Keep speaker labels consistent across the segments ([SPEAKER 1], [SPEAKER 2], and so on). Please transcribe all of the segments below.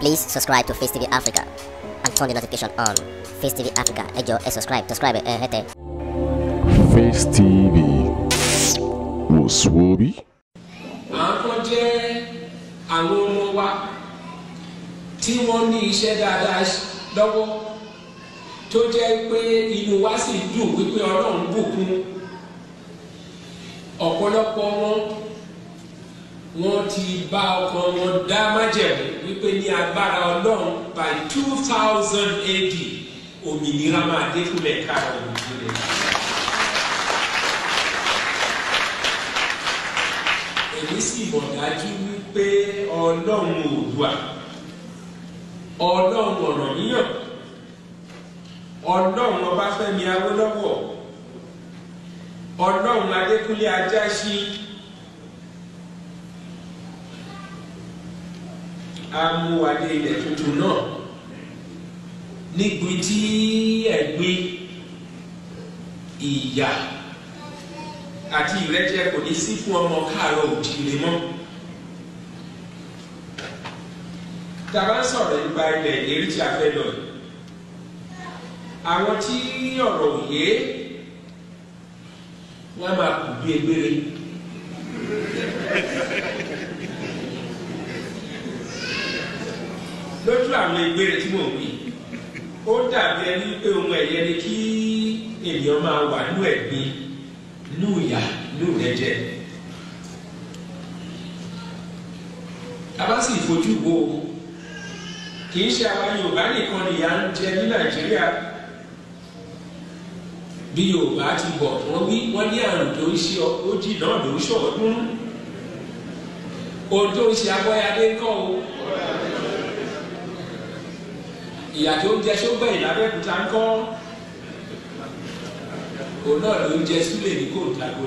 [SPEAKER 1] Please subscribe to Face TV Africa and turn the notification on. Face TV Africa, ẹ jọ̀ọ́ subscribe, subscribe eh? hẹ́tẹ̀. Face TV wò sùn orí. Àwọn jẹ́ àwọn ọmọ wa tí wọ́n ní iṣẹ́ dáadáa lọ́wọ́ tó jẹ́ pé inú wa sì dùn wípé Ọlọ́run bùkún ọ̀pọ̀lọpọ̀ wọn wọ́n ti bá ọkọ wọn dá májẹ̀mú wípé ní agbára ọlọ́run by two thousand AD òmìnira máa dé fún ẹ̀ka òmìnira. èmi sì mọ̀ dájú wípé ọlọ́run òdua ọlọ́run ọ̀rọ̀ yíyàn ọlọ́run ọbáfẹ́mi awólọ́wọ̀ ọlọ́run adékúnlé ajáṣin. á mú wa dé ilẹ̀ tuntun náà nígbì tí ẹ̀gbin ìyà àti ìrẹ́jẹ kò ní sí fún ọmọ káàárọ̀ òjìlè mọ́ tàbá ń sọ̀rọ̀ nípa ilẹ̀ ìlérí tí a fẹ́ lọ yìí àwọn tí ọ̀rọ̀ òye wọ́n máa kù bí egbére. lójú àwọn ẹgbẹ́ rẹ̀ tí mò ń wí ó dàbí ẹni pé ohun ẹ̀yẹ ni kí ènìyàn máa wà nú ẹ̀gbin nú ìyà nú ìrẹ́jẹ. abá sì fojú wo kì í ṣe àwọn Yorùbá nìkan nìyà ń jẹ ní Nàìjíríà bí Yorùbá ti bọ̀ wọ́n wí wọ́n ní àrùn tó ń ṣe ojì náà ló ń ṣọ̀ọ́dún ohun tó ń ṣe abọ́yadé kọ́ o ìyà tó ń jẹ sógbẹ̀yìn lábẹ́kúta ń kọ́ òun náà ló ń jẹ súlẹ̀ ní kò dàgbò.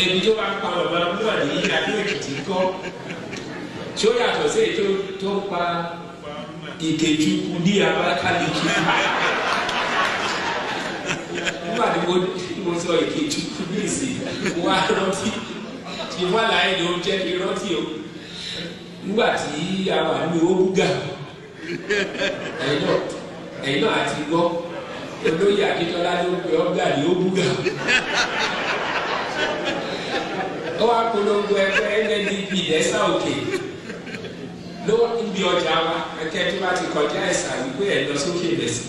[SPEAKER 1] èmi tó bá ń pa bàbá búwà ní ìyàwó èkìtì kọ́ tó yàtọ̀ sí èyí tó ń pa ìkejì ní abákàlì kìí àdúrà ni mo sọ ìkejì ní ìsìn wá rántí ìwà láyé ni ó jẹ́ kí rántí o nígbà tí a wà ní owúgà ẹ̀yin náà ẹ̀yin náà àti gbọ́ olóyè akíntọ́lá ló ń pè ọ́gà ní owúgà ó wá polongo ẹgbẹ́ NNDP lẹ́sà òkè ló ń bi ọjà wa ẹ̀kẹ́ tó bá ti kọjá ẹ̀sà wípé ẹ̀ lọ sókè lẹ́sìn.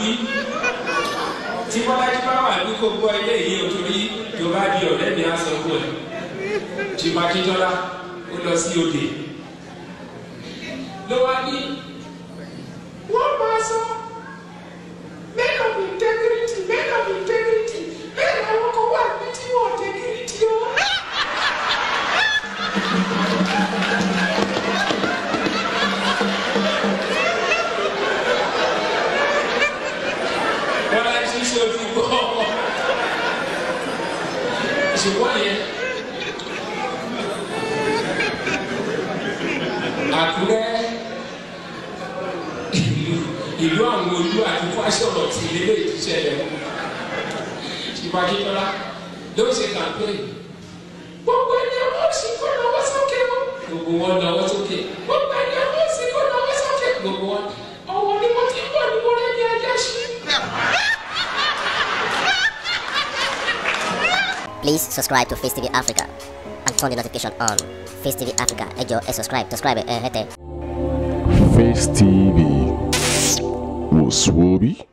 [SPEAKER 1] bí tí bọ́lájí bá wà ní kó gbọ́ ilé yìí o torí tó bá di ọ̀rẹ́ mi á sọ fún ẹ tí mákindọ́lá ó lọ sí òde ló wá ní ṣe é fún gbọ́ ṣe wọ́n yẹ. Àkúrẹ́ ìlú àwọn olú àti fásọ̀rọ̀ ti ilé ìtúsẹ̀ rẹ̀ mú. Ìbájútọ́lá ló ṣe kàmpéyìn. Gbogbo ẹni àwọn òsì kò lọ́wọ́ sókè o. Gbogbo wọn lọ́wọ́ sókè. Gbogbo ẹni àwọn òsì kò lọ́wọ́ sókè. Gbogbo wọn. Please subscribe to Face TV Africa and turn the notification on. Face TV Africa, and jọ̀ọ́, subscribe, subscribe, eh, hete. Face TV, was Swoby.